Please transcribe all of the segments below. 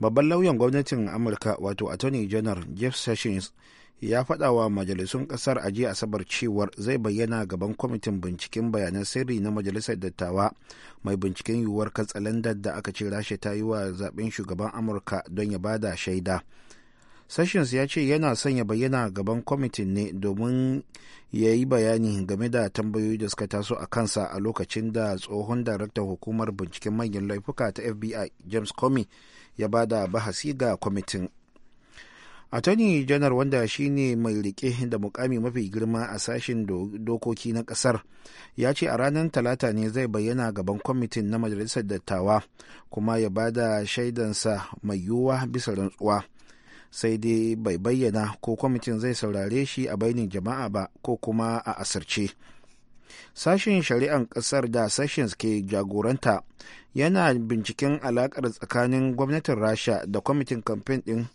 babban lauyan gwamnatin amurka wato attorney general jeff sessions ya faɗa wa majalisun ƙasar a jiya asabar cewar zai bayyana gaban kwamitin binciken bayanan sirri na majalisar dattawa mai binciken yiwuwar katsalandar da aka ce rasha ta yi wa zaben shugaban amurka don ya bada shaida sessions ya ce yana son ya bayyana gaban kwamitin ne domin ya yi bayani game da tambayoyi da suka taso a kansa a lokacin da tsohon daraktan hukumar binciken manyan laifuka ta fbi james comey ya ba da bahasi ga kwamitin attorney janar wanda shine mai rike da mukami mafi girma a sashen dokoki na kasar ya ce a ranar talata ne zai bayyana gaban kwamitin na majalisar dattawa kuma ya ba da shaidansa mai yiwuwa bisa rantsuwa sai dai bai bayyana ko kwamitin zai saurare shi a bainin jama'a ba ko kuma a asirce sashen shari'an kasar da sessions ke jagoranta yana binciken alaƙar tsakanin gwamnatin rasha da kwamitin kamfen ɗin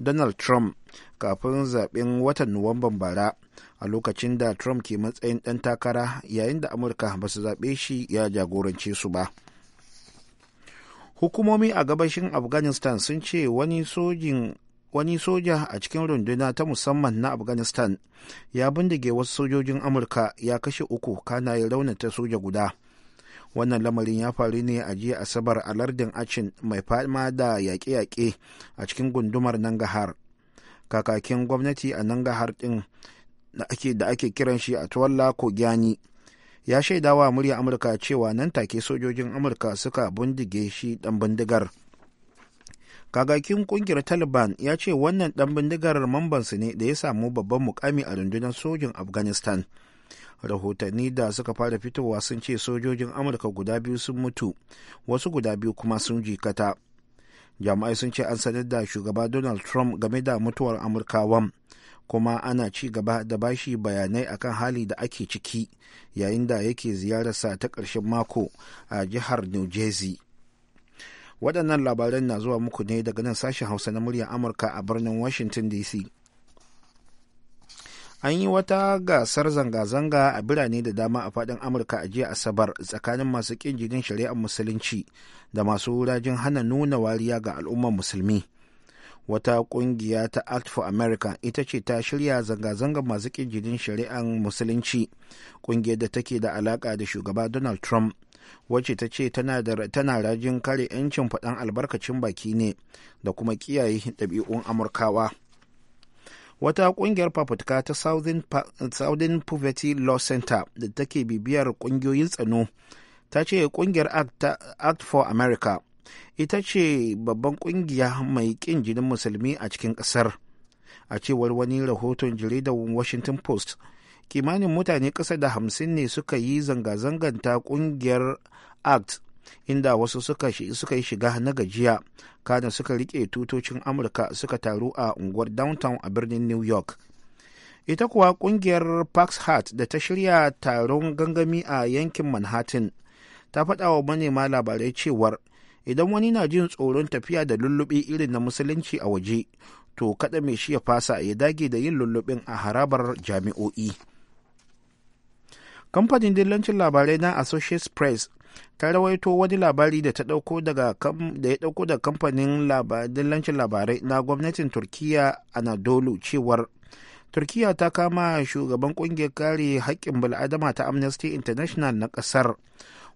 donald trump kafin zaɓen watan nuwamban bara a lokacin da trump ke matsayin ɗan takara yayin da amurka ba su zaɓe shi ya jagorance su ba hukumomi a gabashin afghanistan sun ce wani sojin wani soja a cikin runduna ta musamman na afghanistan ya bindige wasu sojojin amurka ya kashe uku kana ya raunata soja guda wannan lamarin ya faru ne a jiya asabar a lardin acin mai fama da yaƙe-yaƙe a cikin gundumar nangahar kakakin gwamnati a nangahar din da ake kiran shi a tuwalla ko gyani ya shaidawa murya amurka cewa nan take sojojin amurka suka bindige shi dan bindigar kagakin kungiyar taliban ya ce wannan dan bindigar mambansu ne da ya samu babban mukami a rundunar sojin afghanistan rahotanni da suka fara fitowa sun ce sojojin amurka guda biyu sun mutu wasu guda biyu kuma sun jikata jama'ai sun ce an sanar da shugaba donald trump game da mutuwar amurkawan kuma ana ci gaba da bashi bayanai akan hali da ake ciki yayin da yake ziyararsa ta ƙarshen mako a jihar new jersey waɗannan labaran na zuwa muku ne daga nan sashen hausa na muryar amurka a birnin washington dc an yi wata gasar zanga-zanga a birane da dama a faɗin amurka a jiya asabar tsakanin masu ƙin jinin shari'ar musulunci da masu rajin hana nuna wariya ga al'ummar musulmi wata ƙungiya ta act for america ita ce ta shirya zanga-zangar masu ƙin jinin shari'ar musulunci ƙungiyar da take da alaƙa da shugaba donald trump wacce ta ce tana rajin kare 'yancin faɗan albarkacin baki ne da kuma kiyaye ɗabi'un amurkawa wata ƙungiyar fafutuka ta southern poverty law center da take bibiyar ƙungiyoyin tsano ta ce ƙungiyar act for america ita ce babban ƙungiya mai ƙin jinin musulmi a cikin ƙasar a cewar wani rahoton jaridar washington post kimanin mutane kasa da hamsin ne suka yi zanga zanganta ta ƙungiyar act inda wasu suka yi shiga na gajiya kana suka rike tutocin amurka suka taru a unguwar downtown a birnin new york ita kuwa kungiyar pax heart da ta shirya taron gangami a yankin manhattan ta faɗa wa manema labarai cewar idan wani na jin tsoron tafiya da lullubi irin na musulunci a waje to kada mai shi ya fasa ya dage da yin lullubin a harabar jami'o'i. kamfanin dillancin labarai na associates press ta rawaito wani labari da ta dauko daga ya dauko da kamfanin dillancin labarai na gwamnatin turkiya anadolu cewar turkiya ta kama shugaban kungiyar kare haƙƙin bil'adama ta amnesty international na ƙasar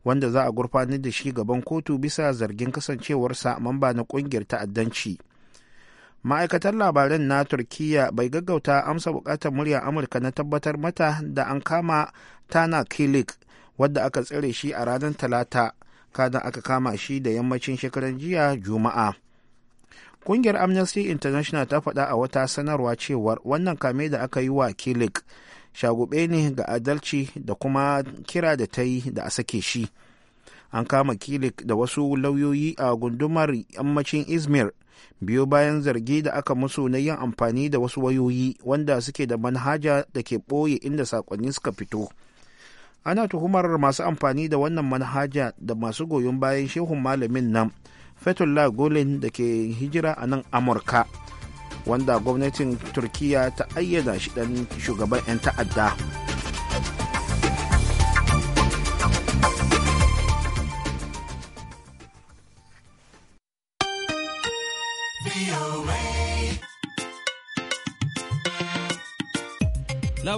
wanda za a gurfanar da shi gaban kotu bisa zargin kasancewarsa mamba na kungiyar ta'addanci ma'aikatar labaran na turkiya bai gaggauta amsa bukatar muryar amurka na tabbatar mata da an kama tana kilik wadda aka tsare shi a ranar talata kada aka kama shi da yammacin shekaran jiya juma'a kungiyar amnesty international ta faɗa a wata sanarwa cewar wannan kame da aka yi wa kilik shagube ne ga adalci da kuma kira da ta yi da a sake shi. an kama kilik da wasu lauyoyi a gundumar yammacin izmir biyo bayan zargi da aka musu na yin amfani da wasu wayoyi wanda suke da manhaja da ke ɓoye inda sakonni suka fito ana tuhumar masu amfani da wannan manhaja da masu goyon bayan shehun malamin nan fetullah golin da ke hijira a nan amurka wanda gwamnatin turkiya ta ayyana shi dan shugaban 'yan ta'adda.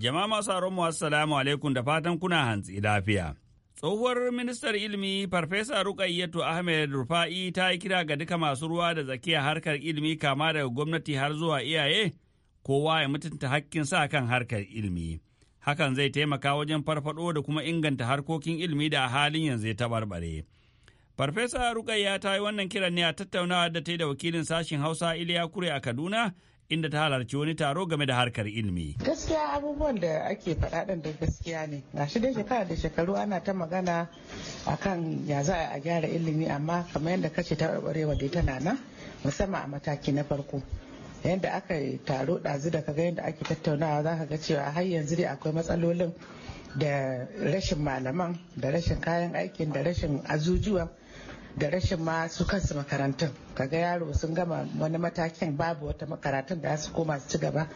Jama'a masu mu assalamu alaikum da fatan kuna hantsi lafiya. Tsohuwar ministar ilimi Farfesa Rukayyatu Ahmed Rufa'i ta yi kira ga duka masu ruwa da zakiya harkar ilimi kama daga gwamnati har zuwa iyaye kowa ya mutunta hakkin sa kan harkar ilimi. Hakan zai taimaka wajen farfado da kuma inganta harkokin ilimi da a halin yanzu ya taɓarɓare. Farfesa Rukayya ta yi wannan kiran ne a tattaunawa da ta da wakilin sashen Hausa Iliya Kure a Kaduna inda ta halarci wani taro game da harkar ilimi. Gaskiya abubuwan da ake faɗa ɗin da gaskiya ne. Gashi dai shekara da shekaru ana ta magana akan ya za a gyara ilimi amma kamar yadda kace ta barbarewa dai tana nan musamman a mataki na farko. Yadda aka taro ɗazu da ka ga yadda ake tattaunawa za ka ga cewa har yanzu dai akwai matsalolin da rashin malaman da rashin kayan aikin da rashin azujuwa da rashin ma su kansu makarantun kaga yaro sun gama wani matakin babu wata makarantun da su koma su ci gaba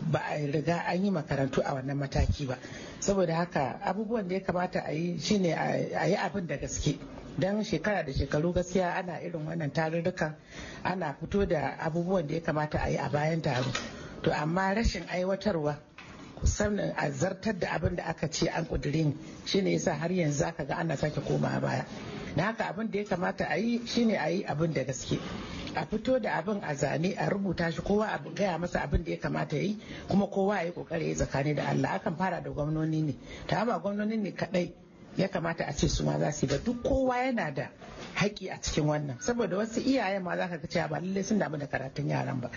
ba a riga an yi makarantu a wannan mataki ba saboda haka abubuwan da ya kamata a yi shine a yi abin da gaske don shekara da shekaru gaskiya ana irin wannan tarurrukan ana fito da abubuwan da ya kamata a yi a bayan taro to amma rashin aiwatarwa sannan a zartar da abin da aka ce an ƙudurin shine yasa har yanzu aka ga ana sake komawa baya Na haka abin da ya kamata a yi shine a yi abin da gaske a fito da abin a zane a rubuta shi kowa a gaya masa abin da ya kamata yi kuma kowa ya yi kokari ya tsakani da Allah akan fara da gwamnoni ne ta ba gwamnoni ne kadai ya kamata a ce su ma za su yi ba duk kowa yana da haƙƙi a cikin wannan saboda wasu iyayen ma za ka ga cewa ba lallai sun damu da karatun yaran ba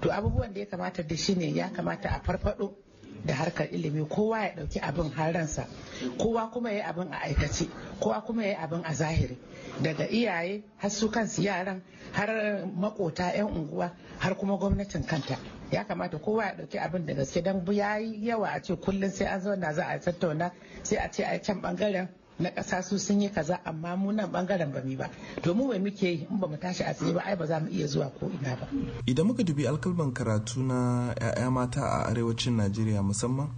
to abubuwan da ya kamata da shine ya kamata a farfado da harkar ilimi kowa ya dauki abin haransa kowa kuma ya abin a aikace kowa kuma ya abin a zahiri daga iyaye har su kansu yaran har makota 'yan unguwa har kuma gwamnatin kanta ya kamata kowa ya dauki abin da gaske don ya yawa a ce kullum sai an zauna za a tattauna sai a ce a can bangaren na ƙasa su sun yi kaza amma mu nan bangaren ba mu ba domin wai muke yi in ba mu tashi a tsaye ba ai ba za mu iya zuwa ko ina ba idan muka dubi alkalman karatu na 'ya'ya mata a arewacin Najeriya musamman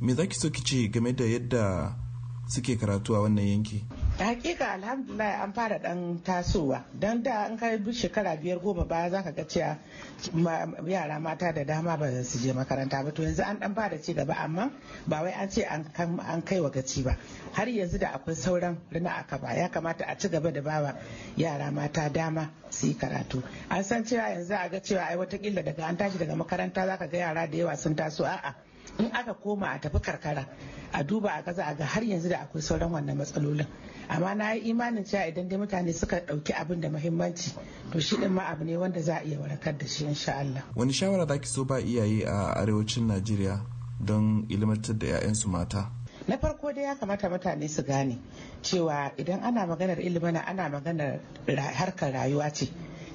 me zaki so ki ce game da yadda suke karatu a wannan yanki Da hakika alhamdulillah an fara dan tasowa don da an kai shekara biyar goma ba za ka ga cewa yara mata da dama ba su je makaranta ba to yanzu an dan fara ci gaba amma ba wai an ce an kai wa gaci ba har yanzu da akwai sauran rina aka ba ya kamata a ci gaba da bawa yara mata dama su yi karatu an san cewa yanzu a ga cewa ai watakila daga an tashi daga makaranta za ka ga yara da yawa sun taso a'a in aka koma a tafi karkara a duba a gaza a ga har yanzu da akwai sauran wannan matsalolin amma na yi imanin cewa idan dai mutane suka ɗauki abin da muhimmanci to shi din ma abu ne wanda za a iya warakar da shi insha Allah. Wani shawara za ki so ba iyaye a arewacin Najeriya don ilimantar da 'ya'yansu mata? na farko dai ya kamata mutane su gane cewa idan ana maganar ilimana ana maganar harkar rayuwa ce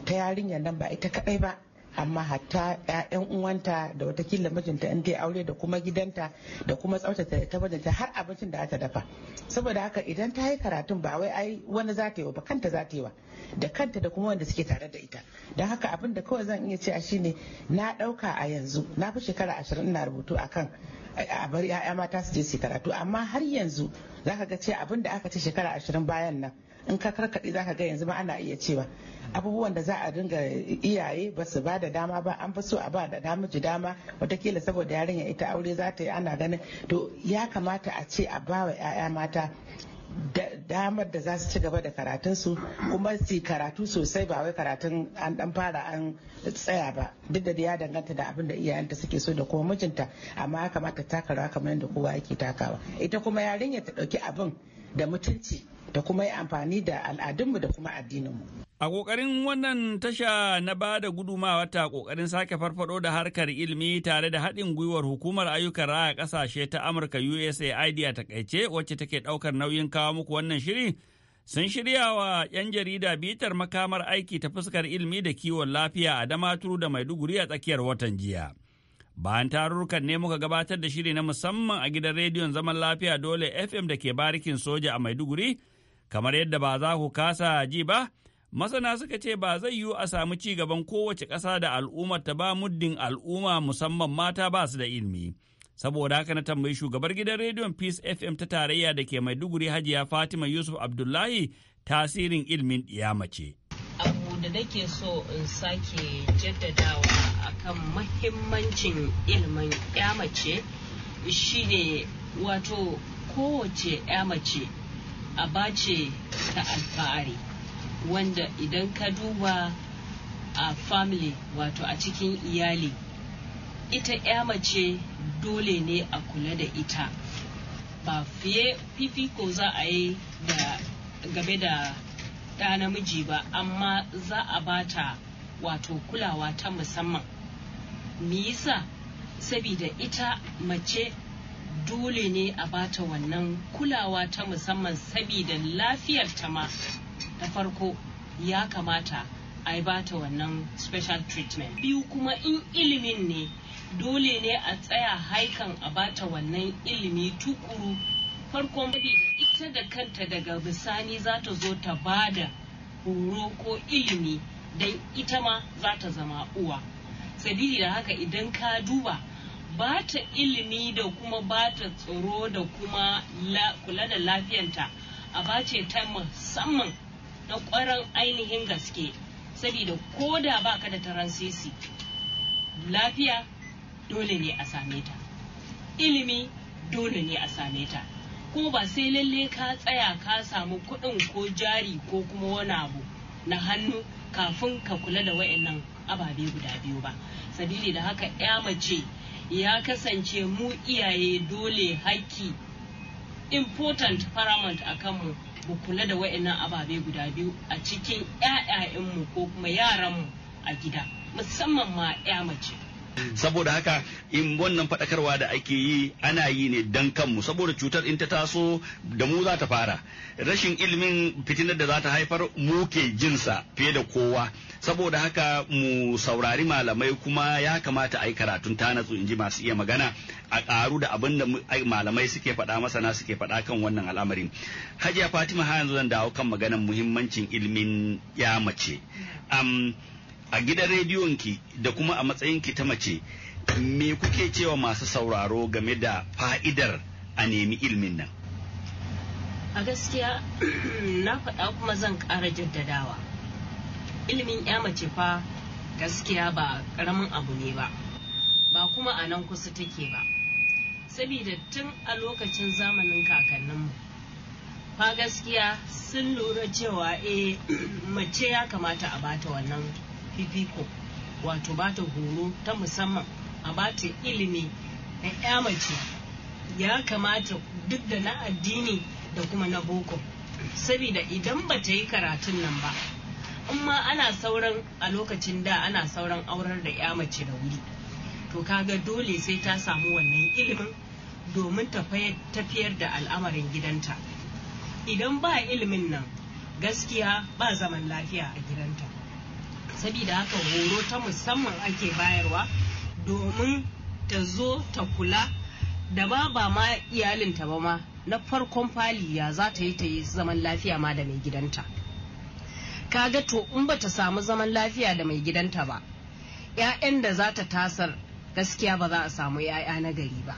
ta yarinyar nan ba ita kadai ba amma hatta 'ya'yan uwanta da watakila mijinta in dai aure da kuma gidanta da kuma tsautata ta mijinta har abincin da ta dafa saboda haka idan ta yi karatun ba wai ai wani za ta yi ba kanta za ta yi ba da kanta da kuma wanda suke tare da ita don haka abin da kawai zan iya cewa shine na ɗauka a yanzu na fi shekara ashirin ina rubutu a kan a bari 'ya'ya mata su je su karatu amma har yanzu za ka ga ce abin da aka ce shekara ashirin bayan nan in ka karkaɗe za ka ga yanzu ma ana iya cewa abubuwan da za a dinga iyaye ba su ba da dama ba an fi so a ba da namiji dama watakila saboda yarinya ita aure za ta yi ana ganin to ya kamata a ce a ba wa 'ya'ya mata damar da za su ci gaba da karatunsu kuma su karatu sosai ba wai karatun an dan fara an tsaya ba duk da ya danganta da abin da iyayenta suke so da kuma mijinta amma ya kamata ta kamar yadda kowa yake takawa ita kuma yarinya ta dauki abin da mutunci da kuma yi amfani da al'adunmu da kuma addininmu. A ƙoƙarin wannan tasha na ba da gudumawa ta ƙoƙarin sake farfado da harkar ilimi tare da haɗin gwiwar hukumar ayyukan raya ƙasashe ta Amurka USAID a takaice wacce take ɗaukar nauyin kawo muku wannan shiri. Sun shirya wa 'yan jarida bitar makamar aiki ta fuskar ilimi da kiwon lafiya a Damaturu da Maiduguri a tsakiyar watan jiya. Bayan tarurrukan ne muka gabatar da shiri na musamman a gidan rediyon zaman lafiya dole FM da ke barikin soja a Maiduguri, kamar yadda ba za ku kasa ji ba, masana suka ce ba zai yiwu a samu ci gaban kowace ƙasa da al'ummar ta ba muddin al'umma musamman mata ba su da ilimi. saboda haka na tambayi shugabar gidan rediyon peace fm ta tarayya da ke maiduguri hajiya fatima yusuf abdullahi tasirin ilmin mace. abu da nake so in sake jaddadawa akan mahimmancin ilimin ya mace ne wato kowace ya mace a bace ta alfahari wanda idan ka duba a family wato a cikin iyali ita ya mace dole ne a kula da ita ba fiye fifiko za a yi da gabe da ɗa namiji ba amma za a bata wato kulawa ta musamman me saboda ita mace dole ne a bata wannan kulawa ta musamman saboda lafiyar ta ma ta farko ya kamata a bata wannan special treatment biyu kuma in ilimin ne dole ne a tsaya haikan a bata wannan ilimi tukuru farkon da ita da kanta daga bisani za ta zo ta bada horo ko ilimi don ita ma za ta zama uwa sabili da haka idan ka duba ba ta ilimi da kuma ba ta tsoro da kuma kula da lafiyanta a bace ta musamman na kwaran ainihin gaske sabida ko da ba ka da taransisi lafiya dole ne a same ta ilimi dole ne a same ta kuma ba sai lalle ka tsaya ka samu kuɗin ko jari ko kuma wani abu na hannu kafin ka kula da wa'annan ababe guda biyu ba sabili da haka ya mace ya kasance mu iyaye dole haƙƙi important paramount a kanmu mu kula da wa'annan ababe guda biyu a cikin 'ya'ya'yanmu ko kuma yaranmu a gida musamman ma 'ya mace saboda haka in wannan faɗakarwa da ake yi ana yi ne dan kanmu saboda cutar in ta taso da mu za ta fara rashin ilimin fitinar da za ta haifar mu ke jinsa fiye da kowa saboda haka mu saurari malamai kuma ya kamata a yi karatun ta natsu in ji masu iya magana a ƙaru da abin da malamai suke faɗa masana suke faɗa kan wannan al'amarin hajiya fatima ha yanzu zan dawo kan maganar muhimmancin ilimin ya mace um, a gidan rediyon ki da kuma a matsayin ki ta mace me kuke cewa masu sauraro game da fa'idar a nemi ilmin nan a gaskiya na faɗa kuma zan ƙara jaddadawa ilimin ya mace fa gaskiya ba ƙaramin abu ne ba ba kuma a nan kusa take ba Sabida tun a lokacin zamanin kakanninmu fa gaskiya sun lura cewa eh mace ya kamata a bata wannan fifiko wato ba ta horo ta musamman a ba ta ilimi na ya mace ya kamata duk da na addini da kuma na boko saboda idan ba ta yi karatun nan ba amma ana sauran a lokacin da ana sauran aurar da ya mace da wuri to kaga dole sai ta samu wannan ilimin domin tafiyar da al'amarin gidanta idan ba ilimin nan gaskiya ba zaman lafiya a gidanta sabida haka horo ta musamman ake bayarwa domin ta zo ta kula da ma ba ma iyalinta ba ma na farkon faliya ya za ta yi ta yi zaman lafiya ma da mai gidanta Ka ga to in ba ta samu zaman lafiya da mai gidanta ba 'ya'yan da za ta tasar gaskiya ba za a samu 'ya'ya na gari ba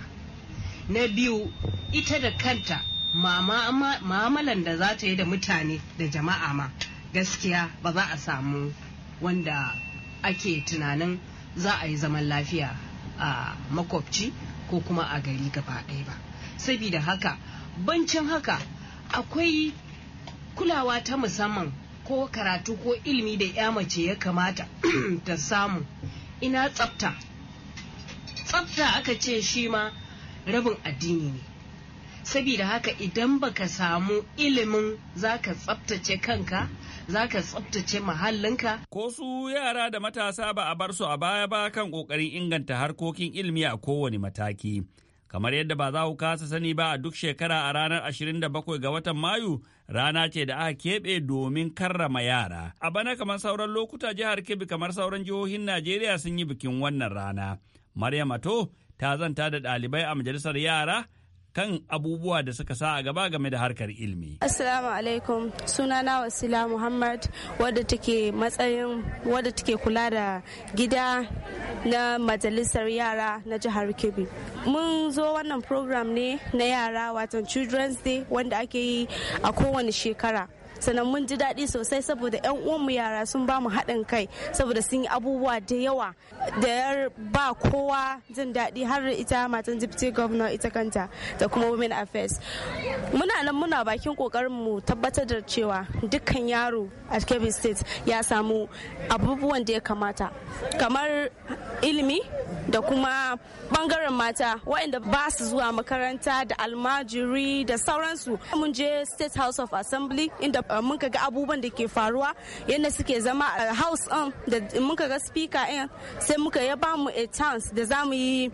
na biyu ita da kanta ma'amalan da za ta yi da mutane da jama'a ma gaskiya ba za a samu wanda ake tunanin za a yi zaman lafiya a makwabci ko kuma a gari gaba ɗaya ba sabida haka bancin haka akwai kulawa ta musamman ko karatu ko ilimi da ya mace ya kamata ta samu ina tsafta tsafta aka ce shi ma rabin addini ne sabida haka idan baka samu ilimin zaka tsaftace kanka za ka tsabtace mahallinka. Ko su yara da matasa ba a bar su a baya ba kan ƙoƙarin inganta harkokin ilimi a kowane mataki. Kamar yadda ba za ku kasa sani ba a duk shekara a ranar 27 ga watan Mayu rana ce da aka keɓe domin karrama yara. A bana kamar sauran lokuta jihar Kebbi kamar sauran jihohin Najeriya sun yi bikin wannan rana. Maryam Ato ta zanta da ɗalibai a majalisar yara kan abubuwa da suka sa a gaba game da harkar ilimi. Assalamu alaikum sunana Wasila Muhammad wadda take matsayin wadda take kula da gida na majalisar yara na jihar Kebbi. Mun zo wannan program ne na yara watan Children's Day wanda ake yi a kowane shekara. sannan mun ji daɗi sosai saboda 'yan uwanmu yara sun ba mu haɗin kai saboda sun yi abubuwa da yawa da ya ba kowa jin daɗi har ita matan deputy governor ita kanta da kuma women affairs muna nan muna bakin kokarin mu tabbatar da cewa dukkan yaro a kebbi state ya samu abubuwan da ya kamata kamar ilimi da kuma bangaren mata waɗanda ba su zuwa makaranta da almajiri da sauransu mun je state house of assembly inda Eh, mun ga abubuwan da ke faruwa yadda suke zama a eh, house on um, da mun ga speaker in eh, sai muka ya ba mu a chance da za mu yi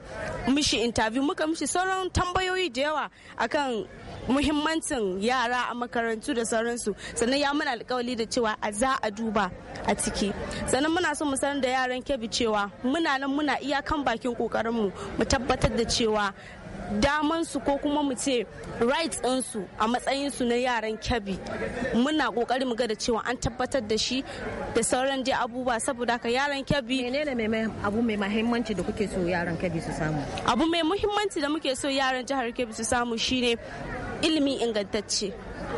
mishi interview muka mishi sauran tambayoyi da yawa akan muhimmancin yara a makarantu da sauransu sannan ya mana alkawali da cewa a za a duba a ciki sannan muna so mu sanar da yaran kebi cewa muna nan muna iyakan bakin kokarinmu mu tabbatar da cewa daman su ko kuma mu ce rights su a matsayin su na yaran kyabi muna kokari mu ga da cewa an tabbatar da shi da sauran dai abubuwa saboda ka yaran kyabi menene abu mai mahimmanci da kuke so yaran kyabi su samu abu mai muhimmanci da muke so yaran jihar kebbi su samu shine ilimi ingantacce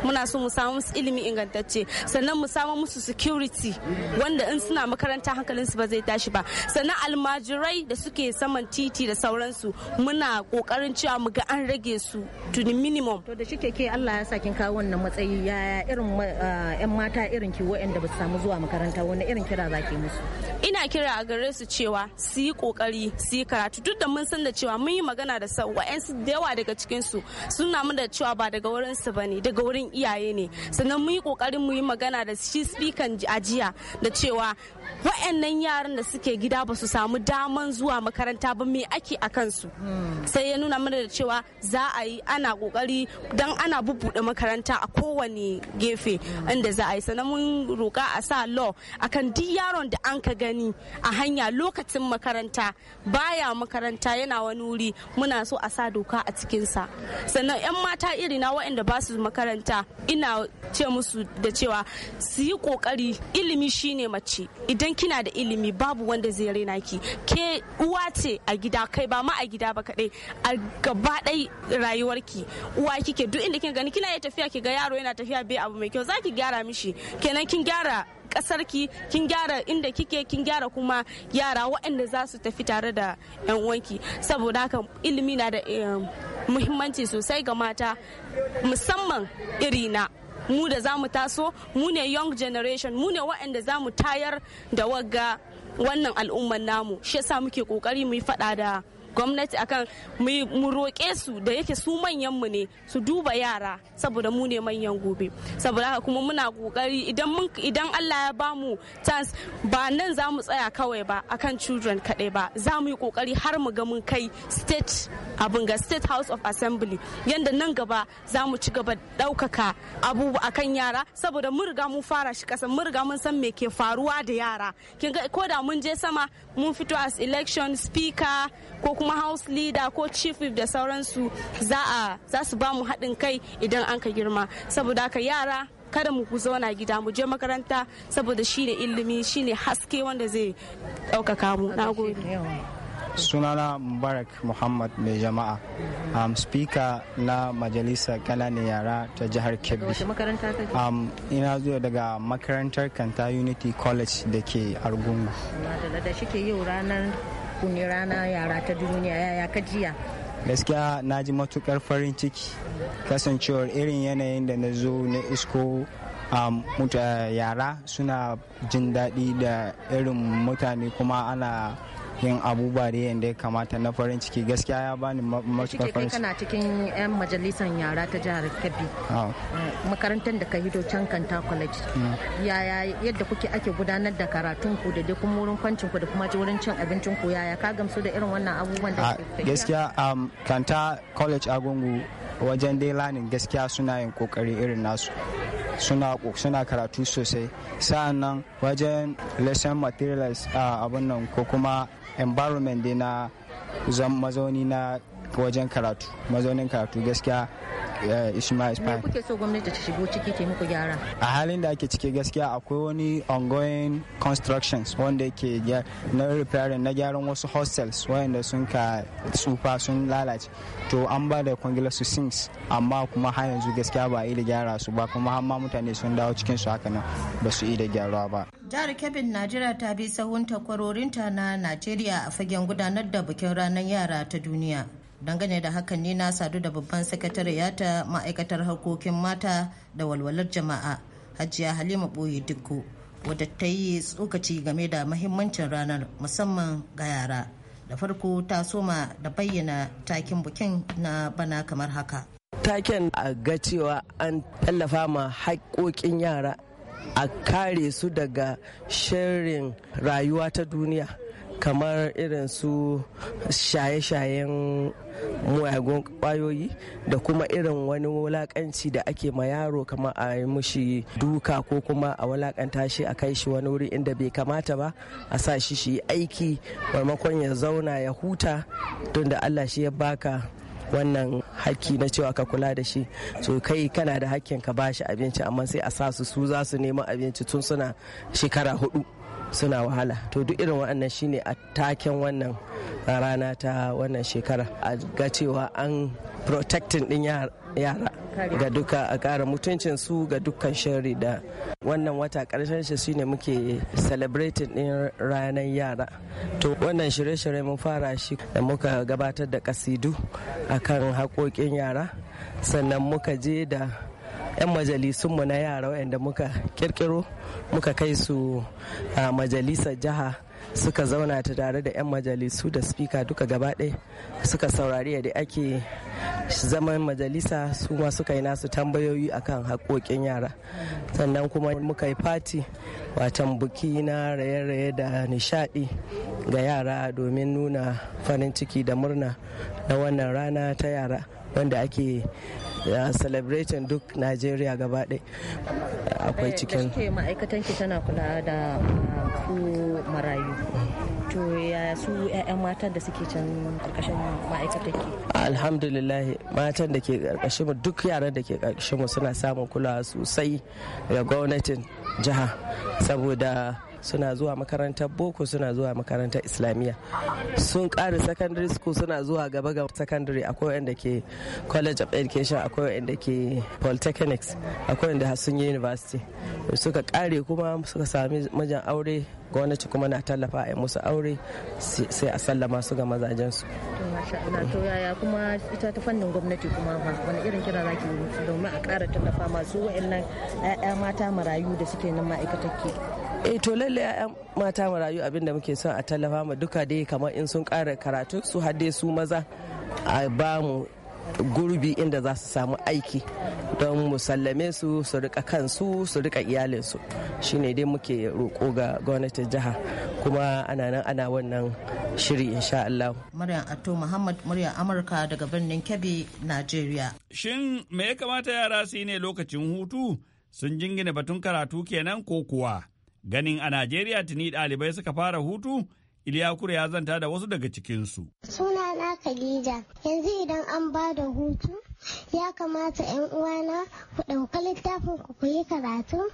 muna so mu samu musu ilimi ingantacce sannan mu samu musu security wanda in suna makaranta hankalin su ba zai tashi ba sannan almajirai da suke saman titi da sauransu muna kokarin cewa mu ga an rage su to the minimum to da shike ke Allah ya sa kin kawo wannan matsayi ya irin eh, yan mata irin ki wa'anda ba su samu zuwa makaranta wani irin kira zaki musu ina kira a gare su cewa su yi kokari su yi karatu duk da mun san da cewa mun yi magana da sau wa'ansu da yawa daga cikin su suna mu da cewa ba daga wurin su ne daga wurin iyaye ne sannan mun yi kokarin mu yi magana da shi speaker a da cewa wa'annan yaran da suke gida ba su samu daman zuwa makaranta ba me ake a kansu sai ya nuna mana da cewa za a yi ana kokari don ana bubbuɗe makaranta a kowane gefe inda za a yi sannan mun roƙa a sa law akan duk yaron da an ka gani a hanya lokacin makaranta baya makaranta yana wani wuri muna so a sa doka a cikinsa sannan 'yan mata irina waɗanda ba su makaranta ina ce musu da cewa su yi ƙoƙari ilimi shine mace idan kina da ilimi babu wanda zai raina ki ke uwa ce a gida kai ba ma a gida ba kadai a gaba ɗai rayuwarki uwa kike duk inda kin gani kina iya tafiya ki ga yaro yana tafiya bai abu mai kyau zaki gyara mishi kenan kin gyara kasarki kin gyara inda kike kin gyara kuma yara waɗanda za su tafi tare da 'yan uwanki saboda haka ilimi na da eh, muhimmanci sosai ga mata musamman irina mu da za mu taso mu ne young generation mu ne waɗanda za mu tayar da wagga wannan al'ummar namu shi yasa muke ƙoƙari mu yi faɗa da gwamnati akan mu roƙe su da yake su manyan mu ne su duba yara saboda mu ne manyan gobe saboda haka kuma muna kokari idan idan Allah ya ba mu chance ba nan za mu tsaya kawai ba akan children kaɗai ba za mu yi kokari har mu ga mun kai state abin ga state house of assembly yanda nan gaba za mu ci gaba ɗaukaka abubu akan yara saboda mun riga mun fara shi ƙasa mun riga mun san me ke faruwa da yara kin ga ko da mun je sama mun fito as election speaker ko kuma house leader ko chief whip da sauransu za a za su ba mu haɗin kai idan an ka girma saboda haka yara kada mu ku zauna gida mu je makaranta saboda shine ilimi shine haske wanda zai ɗaukaka mu na sunana mubarak muhammad mai jama'a um, speaker na majalisa kananan yara ta jihar kebbi um, ina zuwa daga makarantar kanta unity college da ke argungu ku ne rana yara ta duniya yaya ka jiya gaskiya na ji matukar farin ciki kasancewar irin yanayin da na zo na isko um, a yara suna jin daɗi da irin mutane kuma ana yin abubuwa da yadda ya kamata na farin ciki gaskiya ya bani matuƙar farin ciki kana cikin yan majalisar yara ta jihar kebbi mm, makarantar da ka hito can kanta college mm. yaya yadda kuke ake gudanar da karatun ku da dai kuma wurin kwancin ku da kuma wurin cin abincin ku yaya ka gamsu da irin wannan abubuwan da gaskiya um, kanta college agungu wajen dai lanin gaskiya suna yin kokari irin nasu suna suna karatu sosai sa'annan wajen lesson materials abin nan ko kuma environment dai na mazauni na wajen karatu mazaunin karatu gaskiya Ishmael gwamnati ta shigo ciki ta muku gyara? A halin da ake ciki gaskiya akwai wani ongoing constructions wanda yake na repairing na gyaran wasu hostels wayanda sun ka tsufa sun lalace. To an ba da kwangila su sinks amma kuma har yanzu gaskiya ba a yi da gyara su ba kuma har ma mutane sun dawo cikin su haka nan ba su yi da gyara ba. Jihar kebbin Najeriya ta bi sahun takwarorinta na Najeriya a fagen gudanar da bikin ranar yara ta duniya. dangane da hakan ne na sadu da babban sakatariya ta ma'aikatar harkokin mata da walwalar jama'a hajiya halima boye dikko wadda ta yi tsokaci game da mahimmancin ranar musamman ga yara da farko ta soma da bayyana takin bukin na bana kamar haka taken a ga cewa an tallafa ma haƙoƙin yara a kare su daga shirin rayuwa ta duniya kamar irin su shaye-shayen muyagun kwayoyi da kuma irin wani wulakanci da ake ma yaro kamar a yi mushi duka ko kuma a wulakanta shi a kai shi wani wuri inda bai kamata ba a sa shi shi aiki maimakon ya zauna ya huta tun da allah shi ya baka wannan haƙƙi na cewa ka kula da shi so kai kana da hakkin ka bashi abinci amma sai a sa su su za su nemi abinci tun suna shekara hudu suna wahala to duk irin waɗannan shine a taken wannan rana ta wannan shekara a ga cewa an protecting din yara ga duka a kara mutuncin su ga dukkan shari da wannan wata karshen shi shine muke celebrating din ranar yara to wannan shirye-shirye mun fara shi da muka gabatar da kasidu akan haƙoƙin yara sannan muka je da 'yan majalisunmu na yara waɗanda muka kirkiro muka kai su a majalisar jiha suka zauna ta tare da 'yan majalisu da spika duka gaba ɗaya suka saurari yadda ake zaman majalisa su ma suka yi nasu tambayoyi akan haƙoƙin yara sannan kuma muka yi fati watan buki na raye-raye da nishaɗi ga yara domin nuna farin ciki da murna na wannan rana ta yara wanda ake ya celebrating duk nigeria gaba akwai cikin. Da ma'aikatan ki tana kula da ah, ku marayu. To ya su 'ya'yan matan da suke can karkashin ma'aikatan ki? Alhamdulillah matan da ke karkashin mu duk yaran da ke karkashin mu suna samun kulawa sosai ga gwamnatin jiha saboda suna zuwa makarantar boko suna zuwa makarantar islamiyya sun ƙare secondary school suna zuwa gaba ga secondary akwai wanda ke college of education akwai wanda ke polytechnics akwai wanda sun yi university suka ƙare kuma suka sami mijin aure gwamnati kuma na tallafa a musu aure sai a sallama su ga mazajensu. to yaya kuma ita ta fannin gwamnati kuma wani irin kira za ki domin a ƙara tallafa masu nan 'ya'ya mata marayu da suke nan ma'aikatar ke eh to lalle yayan mata marayu abinda muke son a tallafa mu duka dai kamar in sun ƙara karatu su har dai su maza a ba mu gurbi inda za su samu aiki don mu sallame su su rika kansu su rika iyalinsu shine dai muke roƙo ga gwamnatin jiha kuma ana nan ana wannan shiri insha Allah. Muryan Atto Muhammad murya Amurka daga birnin Kebbi, nigeria. Shin me ya kamata yara su yi ne lokacin hutu sun jingina batun karatu kenan ko kuwa? Ganin a Najeriya tuni ɗalibai suka fara hutu, Iliya Kure ya zanta da wasu daga cikinsu. Suna na Khadija, yanzu idan an ba da hutu, ya kamata 'yan uwana ku ɗauka littafin ku kuyi karatu,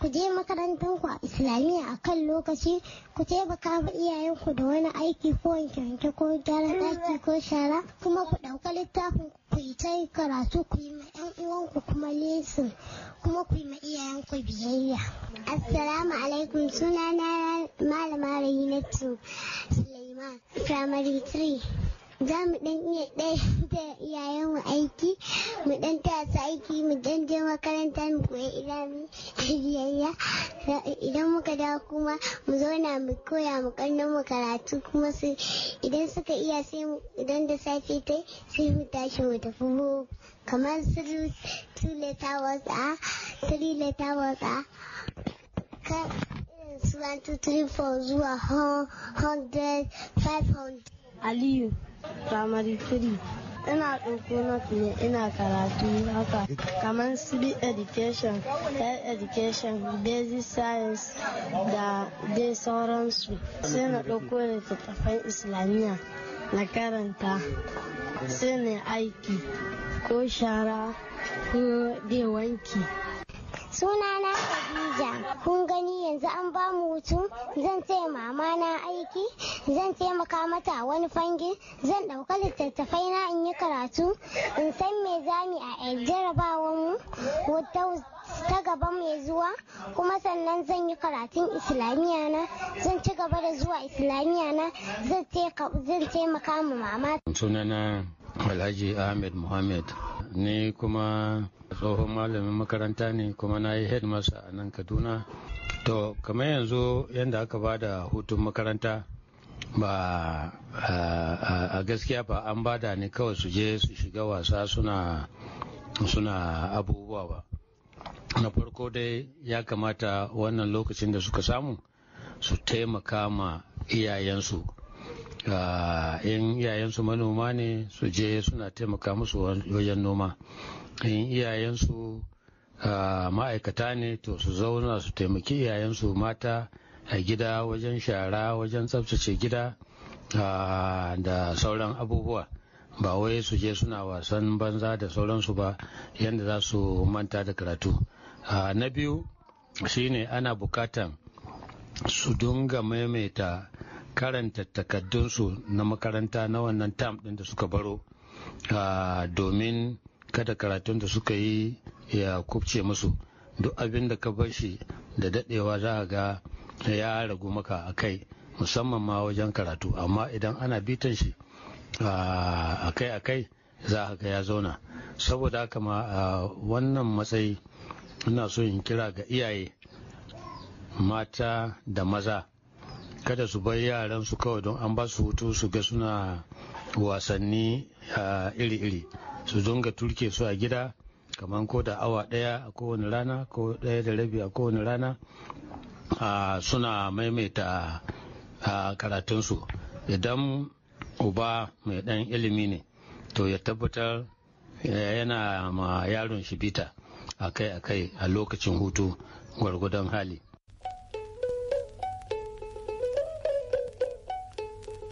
ku je makarantar ku a Islamiyya a kan lokaci, ku taimaka ma iyayenku da wani aiki ko wanke ko gyara ɗaki ko shara, kuma ku ɗauka littafin ku kuyi karatu ku yi ma 'yan uwanku kuma lesin. kuma ku yi ma iyayenku biyayya. Assalamu alaikum sunana malama tu Suleiman Primary 3. Za mu ɗan iya ɗaya da iyayenmu aiki mu dan tasa aiki mu dan je makaranta mu koyi ilimi biyayya idan muka dawo kuma mu zauna mu koya mu kallon mu karatu kuma su idan suka iya sai mu idan da safe ta sai mu tashi mu tafi mu kamar su two letter words wasa three letter words a ka irin su 1 2 3 4 zuwa 100 500 Aliyu Primary 3. Ina ɗauko na ne ina karatu haka kamar civic education, health education, basic science da dai sauransu. Sai na ɗauko littattafan Islamiyya na karanta sai na aiki ko shara ko dai wanki. Sunana Khadija. Kun gani yanzu an ba mu hutu, zan taya mama na aiki, zan taimaka mata wani fangi, zan dauka littattafai na in yi karatu, in san me zami a eh, jarabawar mu, ta gaba mai zuwa kuma sannan zan yi karatun islamiyya na zan ci gaba da zuwa islamiyya na zan taimaka ma mama sunana alhaji ahmed muhammad ni kuma tsohon malamin makaranta ne kuma na yi headmaster a nan kaduna to kamar yanzu yadda aka ba da hutun makaranta ba a gaskiya ba an ba da ne kawai su je su shiga wasa suna suna abubuwa ba na farko dai ya kamata wannan lokacin da suka samu su taimaka ma iyayensu in iyayensu manoma ne su je suna taimaka musu wajen noma in iyayensu ma'aikata ne to su zauna su taimaki iyayensu mata a gida wajen shara wajen tsabtace gida da sauran abubuwa ba wai su je suna wasan banza da sauransu ba yadda za su manta da karatu na biyu shine ana bukatan su dunga maimaita karanta takaddunsu na makaranta na wannan tam ɗin da suka baro domin kada karatun da suka yi ya kubce musu duk abin da ka bar shi da dadewa za ga ya ragu maka a kai musamman ma wajen karatu amma idan ana bitan shi a kai a kai za ga ya zauna saboda haka ma a wannan matsayi ina so in kira ga iyaye mata da maza kada su bar yaran su kawai don an ba su hutu su ga suna wasanni iri-iri su zonga turke su a gida kamar ko da awa daya a kowane rana ko ɗaya da rabi a kowane rana suna maimaita karatunsu idan uba mai dan ilimi ne to ya tabbatar yana ma yaron shi bita akai-akai a lokacin hutu gwargwadon hali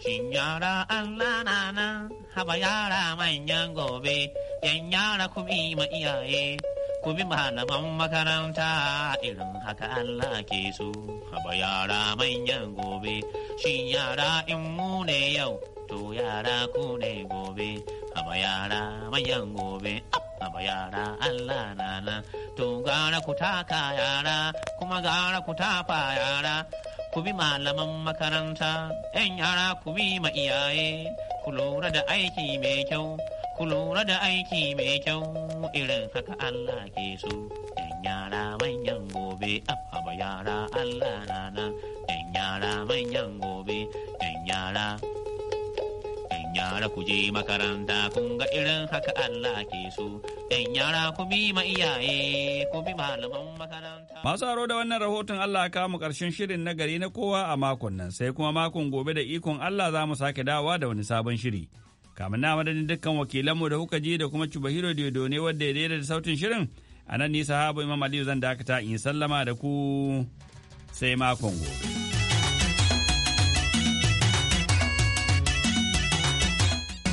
Shin yara Allah na nan, haba yara manyan gobe, yan yara ku bi ma iyaye, ku bi malaman makaranta irin haka Allah ke so. Haba yara manyan gobe, shin yara in mu ne yau, to yara ku ne gobe, haba yara manyan gobe. Haba yara Allah to gara ku taka yara, kuma gara ku tafa yara. ku bi malaman makaranta, ‘yan yara ku bi ma iyaye, ku lura da aiki mai kyau, ku lura da aiki mai kyau, irin haka Allah ke so. ‘Yan yara manyan gobe, abba yara Allah nana, ‘yan yara manyan gobe, ‘yan yara. yara ku je makaranta kun ga irin haka Allah ke so. ‘Yan yara ku bi ma iyaye ku bi malaman makaranta. Masu aro da wannan rahoton Allah ka mu ƙarshen shirin na gari na kowa a makon nan sai kuma makon gobe da ikon Allah za mu sake dawa da wani sabon shiri. Kamin na madadin dukkan wakilanmu da kuka ji da kuma Cubahiro Diodo ne wanda ya daidai da sautin shirin. A nan nisa habu Imam Aliyu zan dakata in sallama da ku sai makon gobe.